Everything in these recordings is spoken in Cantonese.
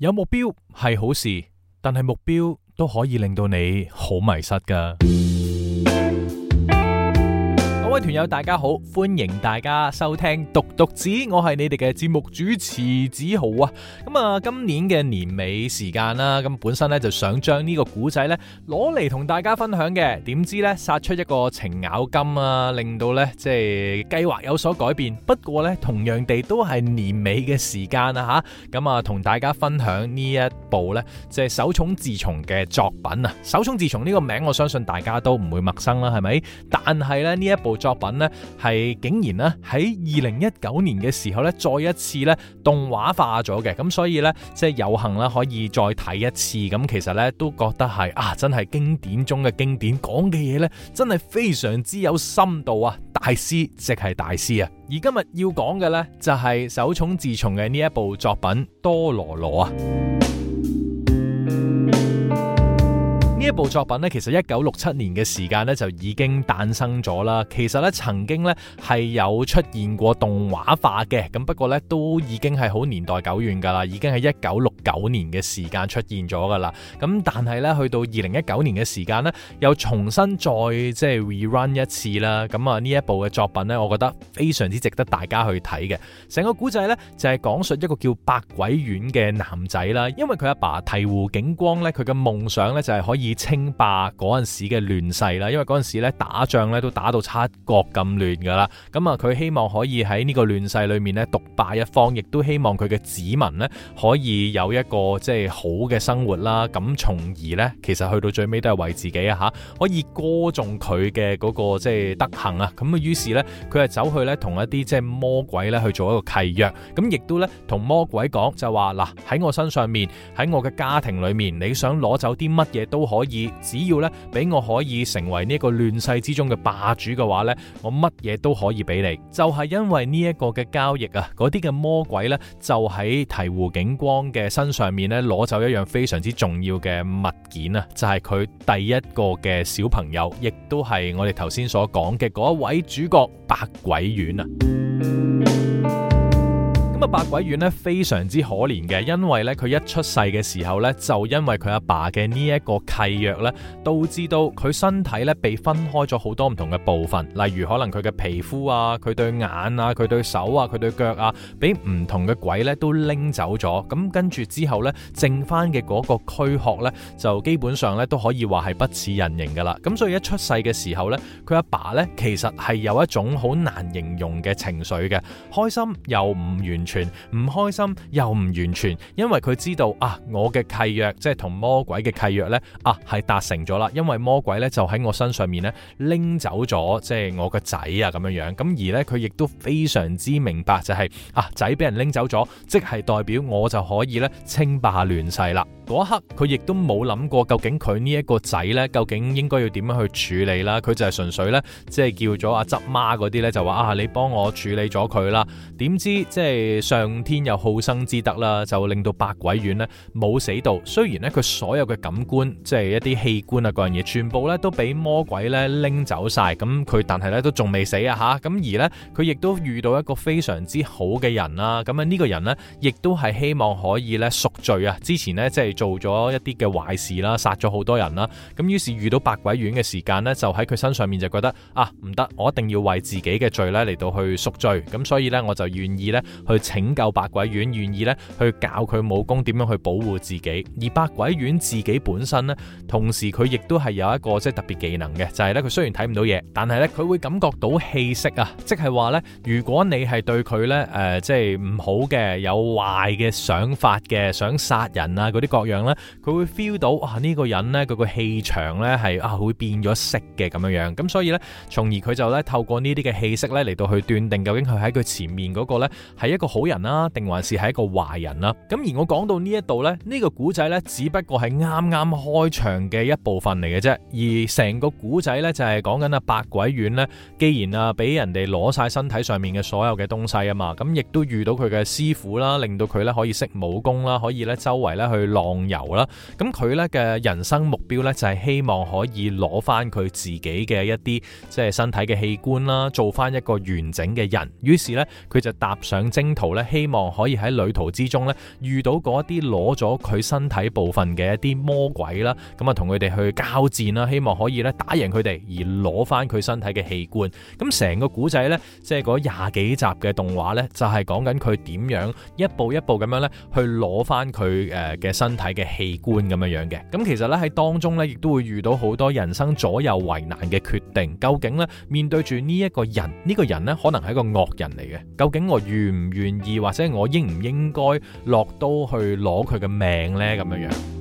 有目標係好事，但係目標都可以令到你好迷失㗎。團友大家好，歡迎大家收聽獨讀子，我係你哋嘅節目主持梓豪啊。咁啊，今年嘅年尾時間啦，咁本身咧就想將呢個古仔咧攞嚟同大家分享嘅，點知咧殺出一個程咬金啊，令到咧即係計劃有所改變。不過咧，同樣地都係年尾嘅時間啊。吓，咁啊同大家分享呢一部咧即係手塚治蟲嘅作品啊。手塚治蟲呢個名，我相信大家都唔會陌生啦，係咪？但係咧呢一部作，作品呢，係竟然呢，喺二零一九年嘅時候呢，再一次呢，動畫化咗嘅。咁所以呢，即係有幸呢，可以再睇一次，咁其實呢，都覺得係啊真係經典中嘅經典，講嘅嘢呢，真係非常之有深度啊！大師即係大師啊！而今日要講嘅呢，就係手塚治虫嘅呢一部作品多羅羅啊。一部作品呢，其實一九六七年嘅時間呢，就已經誕生咗啦。其實呢，曾經呢，係有出現過動畫化嘅，咁不過呢，都已經係好年代久遠噶啦，已經係一九六九年嘅時間出現咗噶啦。咁但係呢，去到二零一九年嘅時間呢，又重新再即係 rerun 一次啦。咁啊，呢一部嘅作品呢，我覺得非常之值得大家去睇嘅。成個古仔呢，就係、是、講述一個叫百鬼丸嘅男仔啦，因為佢阿爸醍醐景光呢，佢嘅夢想呢，就係可以。稱霸嗰陣時嘅亂世啦，因為嗰陣時咧打仗咧都打到七國咁亂噶啦，咁、嗯、啊佢希望可以喺呢個亂世裏面咧獨霸一方，亦都希望佢嘅子民呢可以有一個即係好嘅生活啦。咁、啊、從而呢，其實去到最尾都係為自己啊嚇，可以歌頌佢嘅嗰個即係德行啊。咁啊，於是呢，佢係走去咧同一啲即係魔鬼咧去做一個契約，咁、嗯、亦都咧同魔鬼講就話嗱，喺我身上面，喺我嘅家庭裏面，你想攞走啲乜嘢都可以。而只要咧俾我可以成為呢一個亂世之中嘅霸主嘅話呢，我乜嘢都可以俾你。就係、是、因為呢一個嘅交易啊，嗰啲嘅魔鬼呢，就喺醍醐景光嘅身上面呢攞走一樣非常之重要嘅物件啊，就係佢第一個嘅小朋友，亦都係我哋頭先所講嘅嗰一位主角百鬼丸啊。咁啊，百鬼丸咧非常之可憐嘅，因為咧佢一出世嘅時候咧，就因為佢阿爸嘅呢一個契約咧，導致到佢身體咧被分開咗好多唔同嘅部分，例如可能佢嘅皮膚啊、佢對眼啊、佢對手啊、佢對腳啊，俾唔同嘅鬼咧都拎走咗。咁跟住之後咧，剩翻嘅嗰個軀殼咧，就基本上咧都可以話係不似人形噶啦。咁所以一出世嘅時候咧，佢阿爸咧其實係有一種好難形容嘅情緒嘅，開心又唔完。全唔開心又唔完全，因為佢知道啊，我嘅契約即係同魔鬼嘅契約咧啊係達成咗啦，因為魔鬼咧就喺我身上面咧拎走咗即係我個仔啊咁樣樣，咁而咧佢亦都非常之明白就係、是、啊仔俾人拎走咗，即係代表我就可以咧稱霸亂世啦。嗰一刻佢亦都冇諗過究竟佢呢一個仔咧究竟應該要點樣去處理啦，佢就係純粹咧即係叫咗阿執媽嗰啲咧就話啊你幫我處理咗佢啦，點知即係。上天有好生之德啦，就令到百鬼丸呢冇死到。雖然呢，佢所有嘅感官，即係一啲器官啊各樣嘢，全部呢都俾魔鬼呢拎走晒。咁佢但係呢都仲未死啊吓。咁而呢，佢亦都遇到一個非常之好嘅人啦。咁啊呢、呢個人呢亦都係希望可以呢贖罪啊。之前呢，即係做咗一啲嘅壞事啦，殺咗好多人啦。咁、啊、於是遇到百鬼丸嘅時間呢，就喺佢身上面就覺得啊唔得，我一定要為自己嘅罪呢嚟到去贖罪。咁所以呢，我就願意呢去。拯救百鬼丸，願意咧去教佢武功，點樣去保護自己，而百鬼丸自己本身咧，同時佢亦都係有一個即係特別技能嘅，就係咧佢雖然睇唔到嘢，但係咧佢會感覺到氣息啊，即係話咧，如果你係對佢咧誒即係唔好嘅、有壞嘅想法嘅、想殺人啊嗰啲各樣咧，佢會 feel 到啊呢個人咧佢個氣場咧係啊會變咗色嘅咁樣樣，咁所以咧，從而佢就咧透過呢啲嘅氣息咧嚟到去斷定究竟佢喺佢前面嗰個咧係一個好好人啦，定還是係一個壞人啦？咁而我講到呢一度咧，呢個古仔咧只不過係啱啱開場嘅一部分嚟嘅啫。而成個古仔咧就係講緊啊百鬼丸咧，既然啊俾人哋攞晒身體上面嘅所有嘅東西啊嘛，咁亦都遇到佢嘅師傅啦，令到佢咧可以識武功啦，可以咧周圍咧去浪遊啦。咁佢咧嘅人生目標咧就係希望可以攞翻佢自己嘅一啲即係身體嘅器官啦，做翻一個完整嘅人。於是咧佢就踏上征途。希望可以喺旅途之中咧遇到嗰一啲攞咗佢身體部分嘅一啲魔鬼啦，咁啊同佢哋去交戰啦，希望可以咧打贏佢哋而攞翻佢身體嘅器官。咁、嗯、成個古仔咧，即係嗰廿幾集嘅動畫咧，就係講緊佢點樣一步一步咁樣咧去攞翻佢誒嘅身體嘅器官咁樣樣嘅。咁、嗯、其實咧喺當中咧亦都會遇到好多人生左右為難嘅決定。究竟咧面對住呢一個人，呢、呢個人咧可能係一個惡人嚟嘅。究竟我願唔願？願意或者我應唔應該落刀去攞佢嘅命咧，咁樣樣。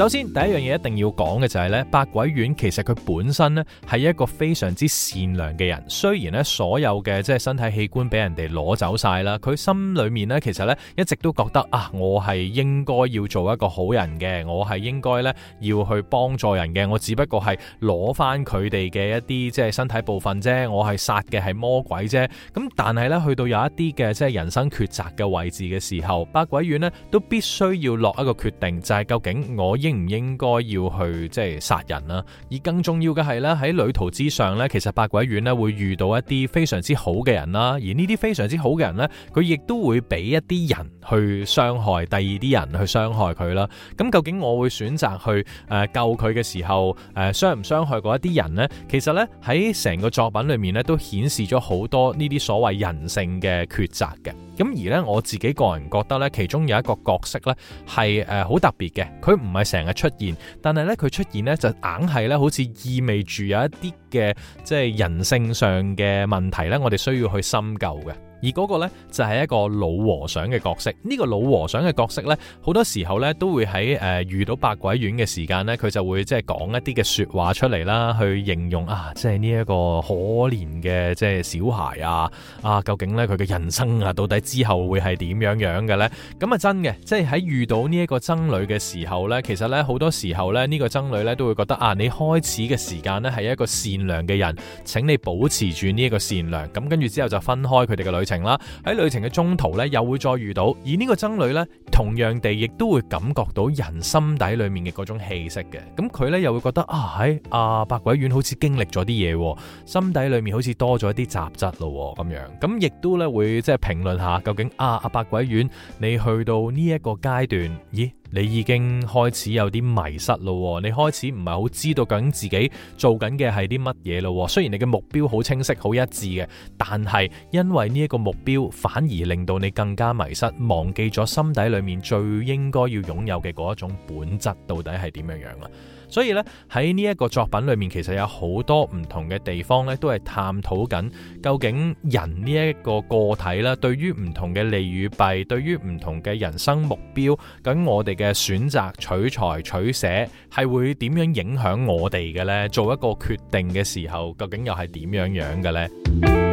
首先第一樣嘢一定要講嘅就係咧，百鬼丸其實佢本身咧係一個非常之善良嘅人，雖然咧所有嘅即係身體器官俾人哋攞走晒啦，佢心裏面咧其實咧一直都覺得啊，我係應該要做一個好人嘅，我係應該咧要去幫助人嘅，我只不過係攞翻佢哋嘅一啲即係身體部分啫，我係殺嘅係魔鬼啫，咁但係咧去到有一啲嘅即係人生抉擇嘅位置嘅時候，百鬼丸咧都必須要落一個決定，就係究竟我應。應唔應該要去即係殺人啦？而更重要嘅係咧，喺旅途之上咧，其實百鬼丸咧會遇到一啲非常之好嘅人啦。而呢啲非常之好嘅人咧，佢亦都會俾一啲人去傷害，第二啲人去傷害佢啦。咁究竟我會選擇去誒、呃、救佢嘅時候誒、呃、傷唔傷害過一啲人呢？其實咧喺成個作品裏面咧都顯示咗好多呢啲所謂人性嘅抉擇嘅。咁而咧，我自己個人覺得咧，其中有一個角色咧，係誒好特別嘅。佢唔係成日出現，但係咧佢出現咧就硬係咧，好似意味住有一啲嘅即係人性上嘅問題咧，我哋需要去深究嘅。而嗰個咧就係、是、一個老和尚嘅角色。呢、這個老和尚嘅角色呢，好多時候呢，都會喺誒、呃、遇到百鬼丸嘅時間呢，佢就會即係講一啲嘅説話出嚟啦，去形容啊，即係呢一個可憐嘅即係小孩啊啊，究竟呢，佢嘅人生啊，到底之後會係點樣樣嘅呢？咁啊真嘅，即係喺遇到呢一個僧侶嘅時候呢，其實呢，好多時候呢，呢、這個僧侶呢，都會覺得啊，你開始嘅時間呢，係一個善良嘅人，請你保持住呢一個善良。咁跟住之後就分開佢哋嘅旅程。情啦，喺旅程嘅中途咧，又會再遇到，而呢個僧侶咧，同樣地亦都會感覺到人心底裡面嘅嗰種氣息嘅，咁佢咧又會覺得啊喺、哎、啊百鬼丸好似經歷咗啲嘢，心底裡面好似多咗一啲雜質咯咁樣，咁亦都咧會即係評論下究竟啊阿百鬼丸，你去到呢一個階段，咦？你已經開始有啲迷失咯，你開始唔係好知道究竟自己做緊嘅係啲乜嘢咯。雖然你嘅目標好清晰、好一致嘅，但係因為呢一個目標，反而令到你更加迷失，忘記咗心底裡面最應該要擁有嘅嗰一種本質到底係點樣樣啦。所以咧，喺呢一個作品裏面，其實有好多唔同嘅地方咧，都係探討緊究竟人呢一個個體啦，對於唔同嘅利與弊，對於唔同嘅人生目標，咁我哋嘅選擇取財取捨係會點樣影響我哋嘅呢？做一個決定嘅時候，究竟又係點樣樣嘅呢？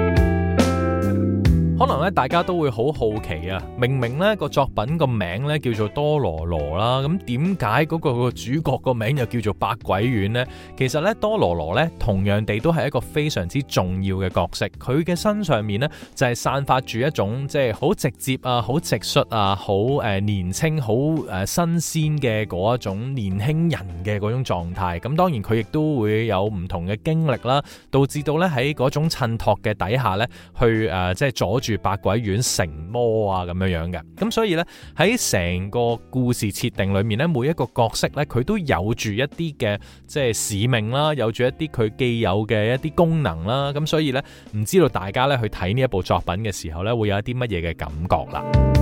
可能咧，大家都會好好奇啊！明明咧個作品個名咧叫做多羅羅啦，咁點解嗰個個主角個名又叫做百鬼丸咧？其實咧多羅羅咧同樣地都係一個非常之重要嘅角色，佢嘅身上面咧就係、是、散發住一種即係好直接啊、好直率啊、好誒年輕好誒新鮮嘅嗰一種年輕人嘅嗰種狀態。咁、啊、當然佢亦都會有唔同嘅經歷啦，導致到咧喺嗰種襯托嘅底下咧去誒即係阻。住百鬼丸成魔啊，咁樣樣嘅。咁所以呢，喺成個故事設定裏面呢，每一個角色呢，佢都有住一啲嘅即係使命啦，有住一啲佢既有嘅一啲功能啦，咁所以呢，唔知道大家呢去睇呢一部作品嘅時候呢，會有一啲乜嘢嘅感覺啦。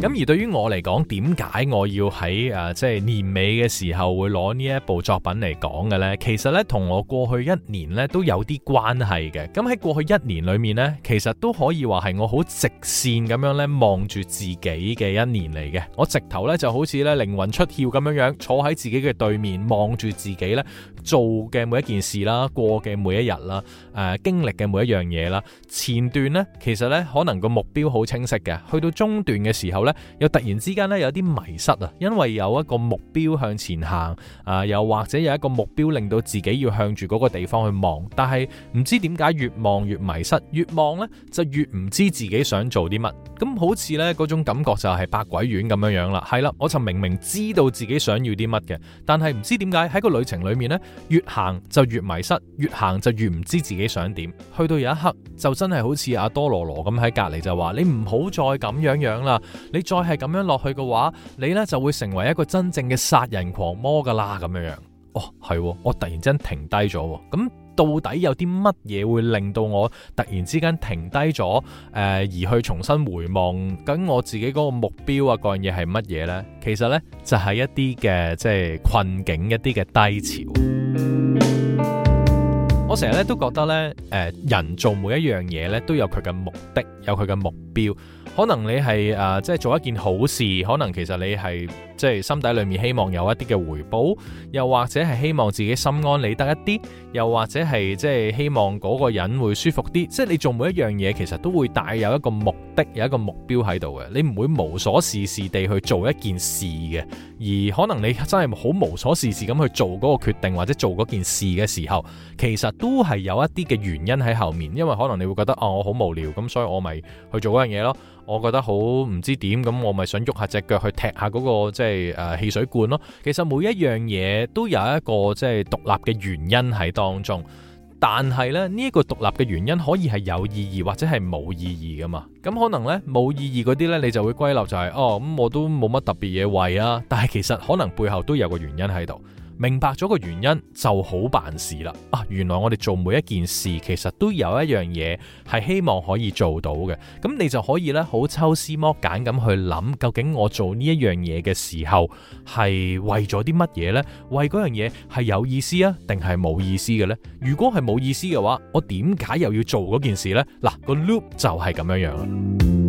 咁而對於我嚟講，點解我要喺，誒，即係年尾嘅時候會攞呢一部作品嚟講嘅咧？其實咧，同我過去一年咧都有啲關係嘅。咁喺過去一年裏面咧，其實都可以話係我好直線咁樣咧望住自己嘅一年嚟嘅。我直頭咧就好似咧靈魂出竅咁樣樣坐喺自己嘅對面望住自己咧做嘅每一件事啦，過嘅每一日啦，誒、呃、經歷嘅每一樣嘢啦。前段咧其實咧可能個目標好清晰嘅，去到中段嘅時候咧。又突然之間咧有啲迷失啊，因為有一個目標向前行啊，呃，又或者有一個目標令到自己要向住嗰個地方去望，但係唔知點解越望越迷失，越望咧就越唔知自己想做啲乜，咁好似咧嗰種感覺就係百鬼丸咁樣樣啦。係啦，我就明明知道自己想要啲乜嘅，但係唔知點解喺個旅程裏面咧越行就越迷失，越行就越唔知自己想點。去到有一刻就真係好似阿多羅羅咁喺隔籬就話你唔好再咁樣樣啦，再係咁樣落去嘅話，你呢就會成為一個真正嘅殺人狂魔噶啦咁樣樣。哦，係喎，我突然之間停低咗。咁到底有啲乜嘢會令到我突然之間停低咗？誒、呃，而去重新回望咁我自己嗰個目標啊，各樣嘢係乜嘢呢？其實呢，就係、是、一啲嘅，即係困境，一啲嘅低潮。我成日咧都覺得咧，誒，呃，人做每一樣嘢咧都有佢嘅目的，有佢嘅目標。可能你係誒，呃，即係做一件好事，可能其實你係。即係心底裏面希望有一啲嘅回報，又或者係希望自己心安理得一啲，又或者係即係希望嗰個人會舒服啲。即係你做每一樣嘢，其實都會帶有一個目的，有一個目標喺度嘅。你唔會無所事事地去做一件事嘅，而可能你真係好無所事事咁去做嗰個決定或者做嗰件事嘅時候，其實都係有一啲嘅原因喺後面。因為可能你會覺得啊、哦，我好無聊，咁所以我咪去做嗰樣嘢咯。我覺得好唔知點，咁我咪想喐下隻腳去踢下嗰、那個即係誒、呃、汽水罐咯。其實每一樣嘢都有一個即係獨立嘅原因喺當中，但係咧呢一、這個獨立嘅原因可以係有意義或者係冇意義㗎嘛。咁可能呢，冇意義嗰啲呢，你就會歸納就係、是、哦，咁我都冇乜特別嘢為啊，但係其實可能背後都有個原因喺度。明白咗個原因就好辦事啦啊！原來我哋做每一件事，其實都有一樣嘢係希望可以做到嘅。咁你就可以咧，好抽絲剝繭咁去諗，究竟我做呢一樣嘢嘅時候係為咗啲乜嘢呢？為嗰樣嘢係有意思啊，定係冇意思嘅呢？如果係冇意思嘅話，我點解又要做嗰件事呢？嗱，個 loop 就係咁樣樣啦。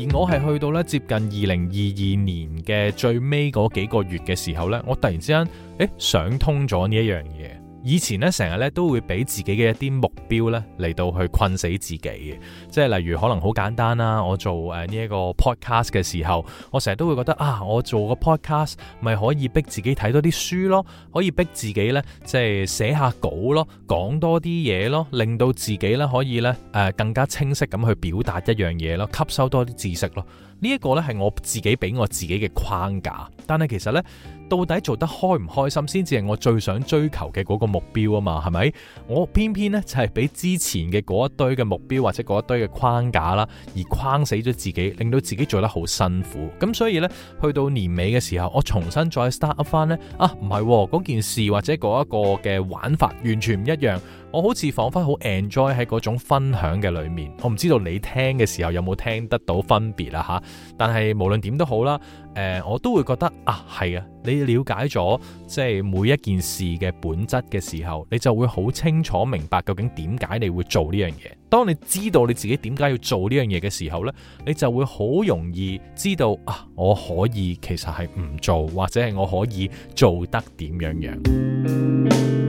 而我係去到咧，接近二零二二年嘅最尾幾個月嘅時候咧，我突然之間誒想通咗呢一樣嘢。以前咧，成日咧都會俾自己嘅一啲目標咧嚟到去困死自己嘅，即係例如可能好簡單啦，我做誒呢一個 podcast 嘅時候，我成日都會覺得啊，我做個 podcast 咪可以逼自己睇多啲書咯，可以逼自己咧即係寫下稿咯，講多啲嘢咯，令到自己咧可以咧誒、呃、更加清晰咁去表達一樣嘢咯，吸收多啲知識咯。這個、呢一個咧係我自己俾我自己嘅框架，但係其實咧。到底做得開唔開心先至係我最想追求嘅嗰個目標啊嘛，係咪？我偏偏呢就係、是、俾之前嘅嗰一堆嘅目標或者嗰一堆嘅框架啦，而框死咗自己，令到自己做得好辛苦。咁所以呢，去到年尾嘅時候，我重新再 start up 翻呢，啊唔係喎，嗰件事或者嗰一個嘅玩法完全唔一樣。我好似仿佛好 enjoy 喺嗰種分享嘅裏面，我唔知道你聽嘅時候有冇聽得到分別啦、啊、吓，但係無論點都好啦，誒、呃，我都會覺得啊，係啊，你了解咗即係每一件事嘅本質嘅時候，你就會好清楚明白究竟點解你會做呢樣嘢。當你知道你自己點解要做呢樣嘢嘅時候咧，你就會好容易知道啊，我可以其實係唔做，或者係我可以做得點樣樣。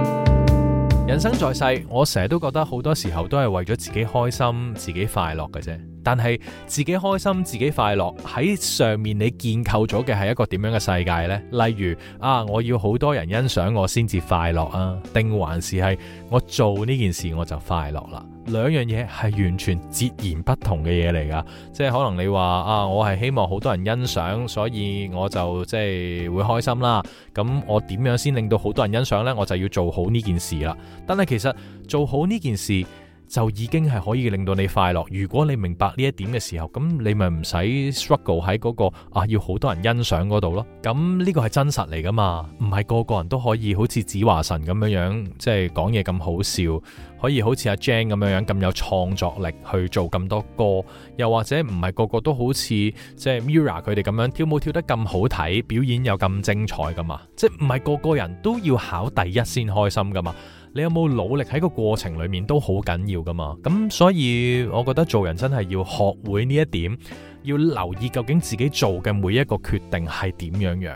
人生在世，我成日都覺得好多時候都係為咗自己開心、自己快樂嘅啫。但係自己開心、自己快樂喺上面，你建構咗嘅係一個點樣嘅世界呢？例如啊，我要好多人欣賞我先至快樂啊，定還是係我做呢件事我就快樂啦？兩樣嘢係完全截然不同嘅嘢嚟㗎，即係可能你話啊，我係希望好多人欣賞，所以我就即係、就是、會開心啦。咁我點樣先令到好多人欣賞呢？我就要做好呢件事啦。但係其實做好呢件事，就已經係可以令到你快樂。如果你明白呢一點嘅時候，咁你咪唔使 struggle 喺嗰個啊要好多人欣賞嗰度咯。咁呢個係真實嚟噶嘛？唔係個個人都可以好似子華神咁樣樣，即係講嘢咁好笑，可以好似阿 Jan 咁樣樣咁有創作力去做咁多歌。又或者唔係個個都好似即係 Mira 佢哋咁樣跳舞跳得咁好睇，表演又咁精彩噶嘛？即係唔係個個人都要考第一先開心噶嘛？你有冇努力喺個過程裏面都好緊要噶嘛？咁所以我覺得做人真係要學會呢一點，要留意究竟自己做嘅每一個決定係點樣樣，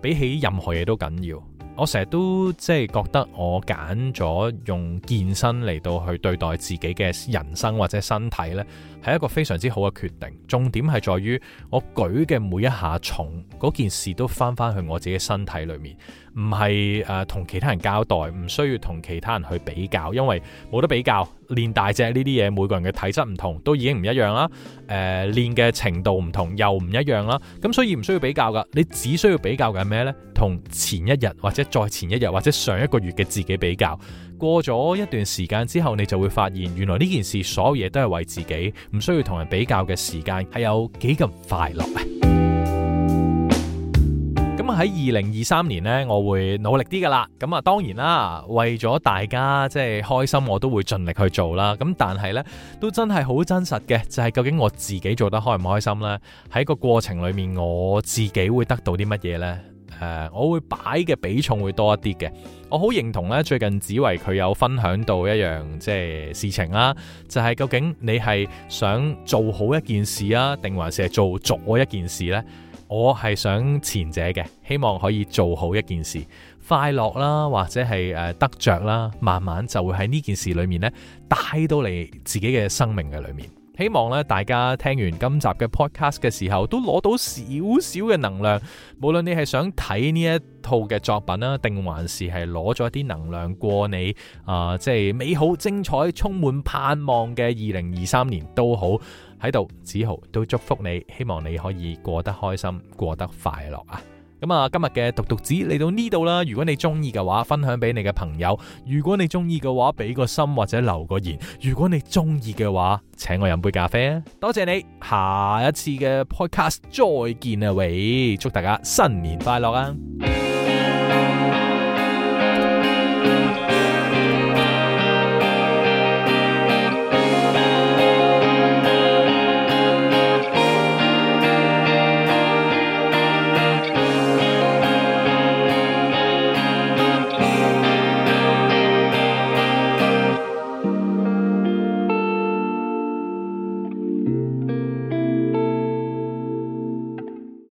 比起任何嘢都緊要。我成日都即係、就是、覺得我揀咗用健身嚟到去對待自己嘅人生或者身體呢，係一個非常之好嘅決定，重點係在於我舉嘅每一下重嗰件事都翻翻去我自己身體裏面，唔係誒同其他人交代，唔需要同其他人去比較，因為冇得比較。練大隻呢啲嘢，每個人嘅體質唔同，都已經唔一樣啦。誒練嘅程度唔同，又唔一樣啦。咁所以唔需要比較噶，你只需要比較嘅係咩呢？同前一日或者再前一日或者上一個月嘅自己比較。過咗一段時間之後，你就會發現，原來呢件事所有嘢都係為自己，唔需要同人比較嘅時間係有幾咁快樂啊！咁喺二零二三年呢，我會努力啲噶啦。咁啊，當然啦，為咗大家即係開心，我都會盡力去做啦。咁但係呢，都真係好真實嘅，就係究竟我自己做得開唔開心呢？喺個過程裏面，我自己會得到啲乜嘢呢？誒，uh, 我會擺嘅比重會多一啲嘅。我好認同咧，最近紫維佢有分享到一樣即係事情啦、啊，就係、是、究竟你係想做好一件事啊，定還是做做我一件事呢？我係想前者嘅，希望可以做好一件事，快樂啦，或者係誒、呃、得着啦，慢慢就會喺呢件事裏面呢，帶到你自己嘅生命嘅裏面。希望咧，大家聽完今集嘅 podcast 嘅時候，都攞到少少嘅能量。無論你係想睇呢一套嘅作品啦，定還是係攞咗一啲能量過你啊、呃，即係美好、精彩、充滿盼望嘅二零二三年都好，喺度梓豪都祝福你，希望你可以過得開心，過得快樂啊！咁啊，今日嘅獨讀子嚟到呢度啦。如果你中意嘅話，分享俾你嘅朋友；如果你中意嘅話，俾個心或者留個言；如果你中意嘅話，請我飲杯咖啡啊！多謝你，下一次嘅 podcast 再見啊！喂，祝大家新年快樂啊！